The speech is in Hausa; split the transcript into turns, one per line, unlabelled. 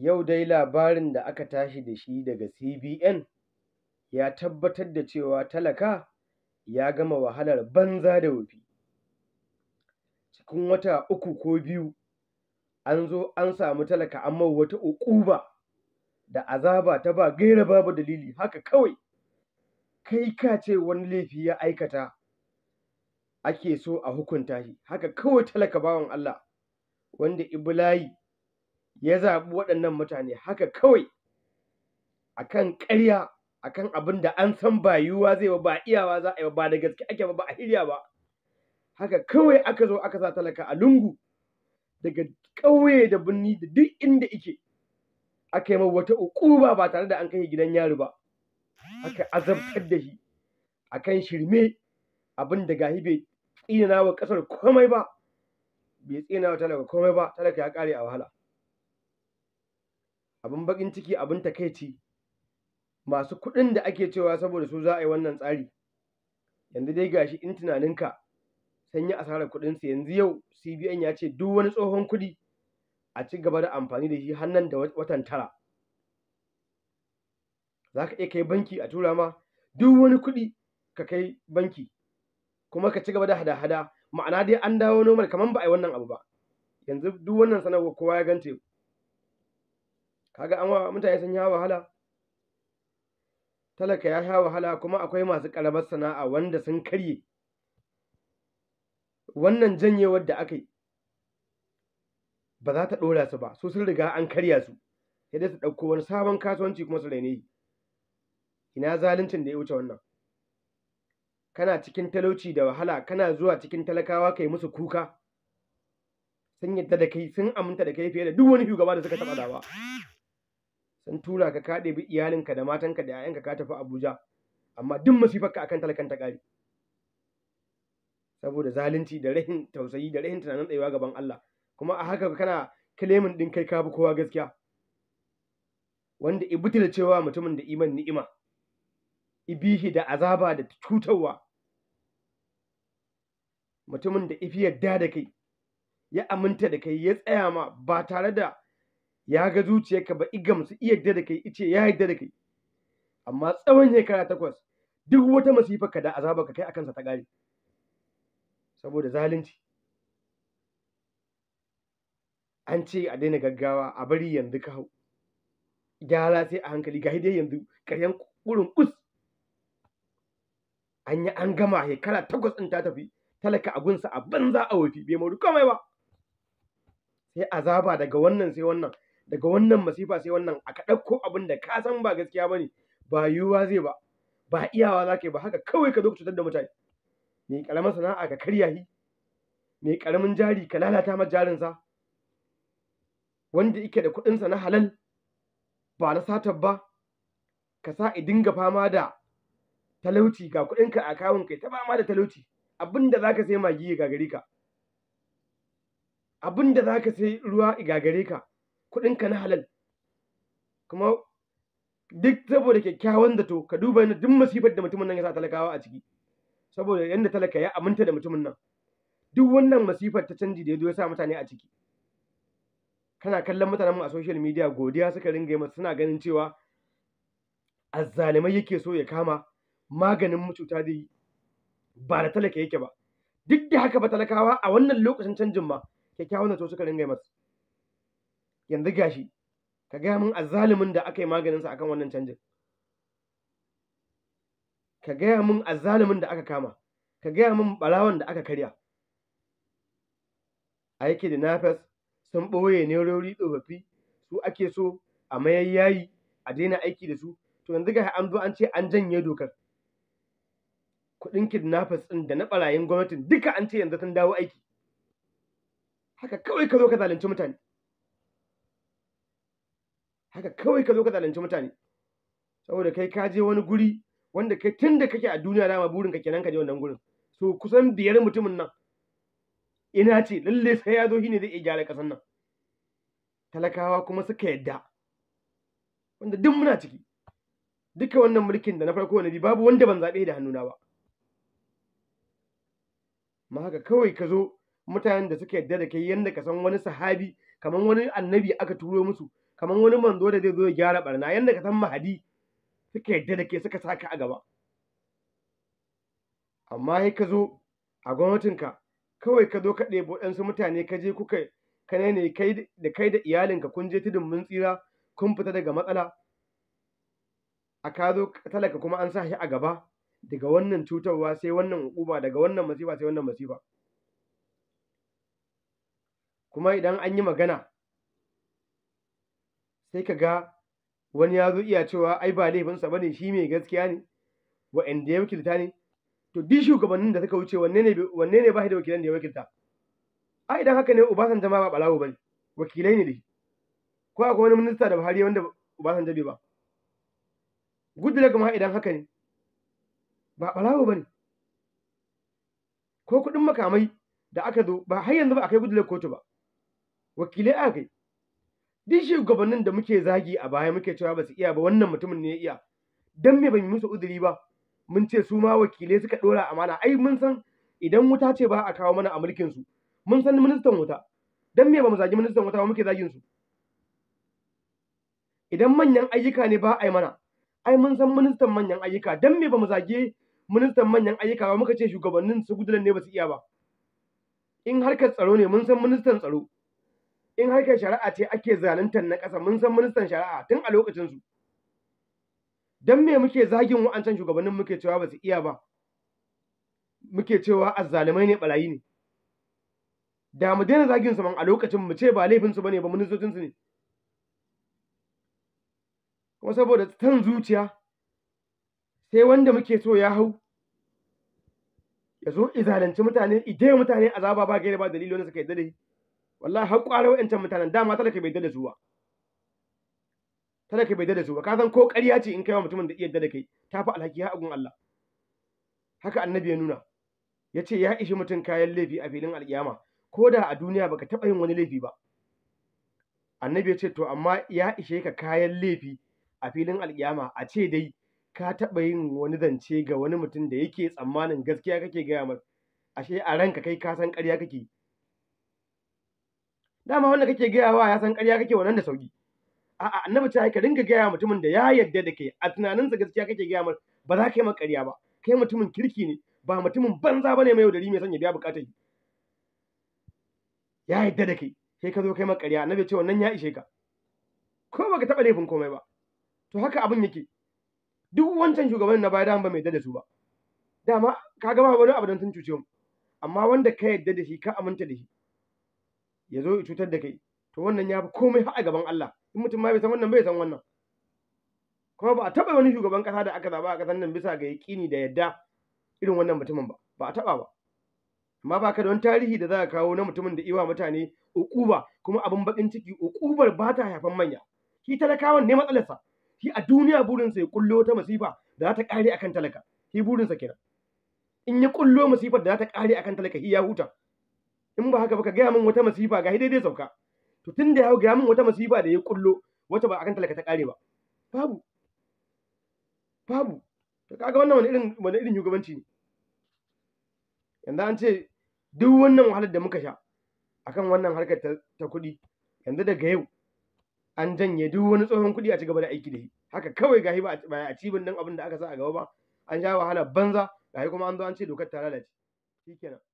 Yau dai labarin da aka tashi da shi daga CBN ya tabbatar da cewa talaka ya gama wahalar banza da wofi. Cikin wata uku ko biyu, an zo an samu talaka an mai wata uƙuba da azaba ta ba gaira babu dalili haka kawai. Kai ka ce wani laifi ya aikata ake so a hukunta shi, haka kawai talaka bawan Allah wanda Ibulayi. ya zaɓi waɗannan mutane haka kawai akan ƙarya akan abin da an san ba yiwuwa zai ba iyawa za a yi ba da gaske ake ba ba a hirya ba haka kawai aka zo aka sa talaka a lungu daga ƙauye da birni da duk inda ike aka yi wata uquba ba tare da an kai gidan yari ba aka azabtar da shi kan shirme abin da gahi bai tsina wa ƙasar komai ba bai tsina talaka komai ba talaka ya ƙare a wahala abin bakin ciki abin takaici masu kuɗin da ake cewa saboda su za a yi wannan tsari yanzu dai gashi in tunaninka sun yi asarar kuɗinsu yanzu yau cbn ya ce duk wani tsohon kuɗi a ci gaba da amfani da shi hannun da watan tara za ka iya kai banki a tura ma duk wani kuɗi ka kai banki kuma ka ci gaba da hada-hada ma'ana dai an dawo nomar kamar ba a yi wannan abu ba yanzu duk wannan sanarwar kowa ya gante kaga an mutane sun ya wahala talaka ya sha wahala kuma akwai masu karamar sana'a wanda sun karye wannan janyewar da aka yi ba za ta ɗora su ba su sun riga an karya su sai dai su ɗauko wani sabon kasuwanci kuma su raine ina zaluncin da ya wuce wannan kana cikin talauci da wahala kana zuwa cikin talakawa kai musu kuka sun yadda da kai sun aminta da kai fiye da duk wani shugaba da suka taɓa dawa sun tura ka ka ɗebi iyalinka da matanka da 'ya'yanka ka tafi abuja amma duk masifarka akan talakan ta ƙari saboda zalunci da rahin tausayi da rahin tunanin tsayuwa gaban Allah kuma a haka kana kalemin ɗin kai ka kowa gaskiya wanda da cewa mutumin da iman ni'ima ibihi da azaba da cutarwa mutumin da ifi yadda da kai ya aminta da kai ya tsaya ma ba tare da ya ga zuciyarka ba musu iya yadda da kai ice ya yadda da kai amma tsawon shekara takwas duk wata masifar ka da azaba ka kai a kansa ta gari saboda zalunci an ce a daina gaggawa a bari yanzu ka hau gyara sai a hankali ga dai yanzu karyan ƙurin kus an yi an gama shekara takwas ɗin ta tafi talaka a gunsa a banza a wafi bai mori komai ba sai azaba daga wannan sai wannan daga wannan masifa sai wannan aka ɗauko abin da ka san ba gaskiya ba ne ba yiwuwa zai ba ba iyawa za ka yi ba haka kawai ka zo ka cutar da mutane mai ƙaramin sana'a ka karya shi mai ƙaramin jari ka lalata ma jarinsa wanda yake da kuɗinsa na halal ba na satar ba ka sa i dinga fama da talauci ga kuɗinka a kawun kai ta fama da talauci abin da za ka sai magi ya gagare ka abin da za ka sai ruwa ya gare ka kuɗinka na halal kuma duk saboda kyakkyawan zato ka duba yana duk masifar da mutumin nan ya sa talakawa a ciki saboda yadda talaka ya aminta da mutumin nan duk wannan masifar ta canji da ya ya sa mutane a ciki kana kallon mutanen mu a social media godiya suka ringa yi suna ganin cewa azzalimai yake so ya kama maganin mucuta dai ba da talaka yake ba duk da haka ba talakawa a wannan lokacin canjin ma kyakkyawan zato suka ringa yi masa yanzu gashi ka gaya min azzalumin da aka yi maganinsa akan wannan canjin ka gaya min azzalumin da aka kama ka gaya min balawan da aka karya aiki da nafas sun ɓoye rori tsofaffi su ake so a mayayyayi a daina aiki da su to yanzu ga an zo an ce an janye dokar kuɗin kidnappers ɗin da na barayin gwamnatin duka an ce yanzu sun dawo aiki haka kawai ka zo ka zalunci mutane haka kawai ka zo ka zalunci mutane saboda kai ka je wani guri wanda kai tun da kake a duniya dama burin ka kenan ka je wannan gurin so kusan biyar mutumin nan ina ce lalle sai ya zo shi ne zai iya gyara ƙasar nan talakawa kuma suka yadda wanda duk muna ciki duka wannan mulkin da na farko na bi babu wanda ban zaɓe da hannuna ba ma haka kawai ka zo mutanen da suka yadda da kai yadda ka san wani sahabi kamar wani annabi aka turo musu kamar wani manzo da zai zo ya gyara barna yanda ka san mahadi suka yadda da ke suka saka a gaba amma sai ka zo a gwamnatinka kawai ka zo ka ɗebi waɗansu mutane ka je kuka ka ne da kai da iyalinka kun je tudun mun tsira kun fita daga matsala a ka zo talaka kuma an sa shi a gaba daga wannan cutarwa sai wannan hukuma daga wannan masifa sai wannan masifa kuma idan an yi magana sai ka ga wani ya zo iya cewa ai ba laifinsa ba ne shi mai gaskiya ne Wa inda ya wakilta ne to bi shugabannin da suka wuce wanne ne wanne ne ba shi da wakilan da ya wakilta a idan haka ne Obasanjo ma ba balawo bane wakilai ne dai ko akwai wani minista da Buhari wanda Obasanjo bai ba Goodluck ma idan haka ne ba balawo bane ko kuɗin makamai da aka zo ba har yanzu ba a kai Goodluck kotu ba wakilai aka kai duk shugabannin da muke zagi a baya muke cewa ba su iya ba wannan mutumin ne ya iya dan me ban yi musu uzuri ba mun ce su ma wakilai suka dora amana ai mun san idan wuta ce ba a kawo mana a mulkin su mun san ministan wuta dan me ba mu zagi ministan wuta ba muke zagin su idan manyan ayyuka ne ba a yi mana ai mun san ministan manyan ayyuka dan me ba mu zagi ministan manyan ayyuka ba muka ce shugabannin su gudunan ne ba su iya ba in harkar tsaro ne mun san ministan tsaro in harkar shari'a ce ake zaluntar na ƙasa mun san ministan shari'a tun a lokacin su dan me muke zagin wa'ancan shugabannin muke cewa ba su iya ba muke cewa azzalumai ne barayi ne da mu daina zagin su man a lokacin mu ce ba laifin su bane ba ministocin su ne kuma saboda tan zuciya sai wanda muke so ya hau ya zo izalanci mutane idai mutane azaba ba gaira ba dalilin da suka yi dalili wallahi har ƙwarar wa'ancan mutanen dama talaka bai dada zuwa. ba talaka bai dada zuwa, ka san ko ƙarya ce in kai wa mutumin da iya dada kai ta fi alhaki ha agun Allah haka annabi ya nuna ya ce ya ishi mutum kayan laifi a filin alƙiyama ko da a duniya baka taɓa yin wani laifi ba annabi ya ce to amma ya ishe ka kayan laifi a filin alƙiyama a ce dai ka taɓa yin wani zance ga wani mutum da yake tsammanin gaskiya kake gaya masa ashe a ranka kai ka san ƙarya kake yi dama wanda kake gaya wa ya san ƙarya kake wannan da sauki a'a annabi ta ka dinga gaya mutumin da ya yarda da kai a tunaninsa gaskiya kake gaya mar ba za ka yi ƙarya ba kai mutumin kirki ne ba mutumin banza bane mai yaudari mai sanya biya bukatar ya yarda da kai sai ka zo kai ƙarya annabi ce wannan ya ishe ka ko baka taɓa laifin komai ba to haka abin yake duk wancan shugaban na baya ba mai yarda da su ba dama ka gama wani abu don sun cuce mu amma wanda ka yarda da shi ka aminta da shi ya zo ya cutar da kai to wannan ya fi komai fa a gaban Allah in mutum ma bai san wannan bai san wannan kuma ba a taba wani shugaban ƙasa da aka zaba a kasan nan bisa ga yaƙini da yadda irin wannan mutumin ba ba a taɓa ba amma ba ka da wani tarihi da za ka kawo na mutumin da iwa mutane uƙuba kuma abin bakin ciki ukubar ba ta haifan manya shi talakawan ne matsalarsa shi a duniya burinsa ya kullo ta masifa da za ta kare akan talaka shi burinsa kenan in ya kullo masifar da za ta kare akan talaka shi ya huta in ba haka ba ka gaya min wata masifa ga dai sauka to tun da ya gaya min wata masifa da ya kullo wata ba akan talaka ta kare ba babu babu to kaga wannan wani irin wani irin shugabanci ne yanzu an ce duk wannan wahalar da muka sha akan wannan harkar ta kuɗi yanzu daga yau an janye duk wani tsohon kuɗi a ci gaba da aiki da shi haka kawai gahi ba a ci nan abin da aka sa a gaba ba an sha wahala banza gahi kuma an zo an ce dokar ta lalace shikenan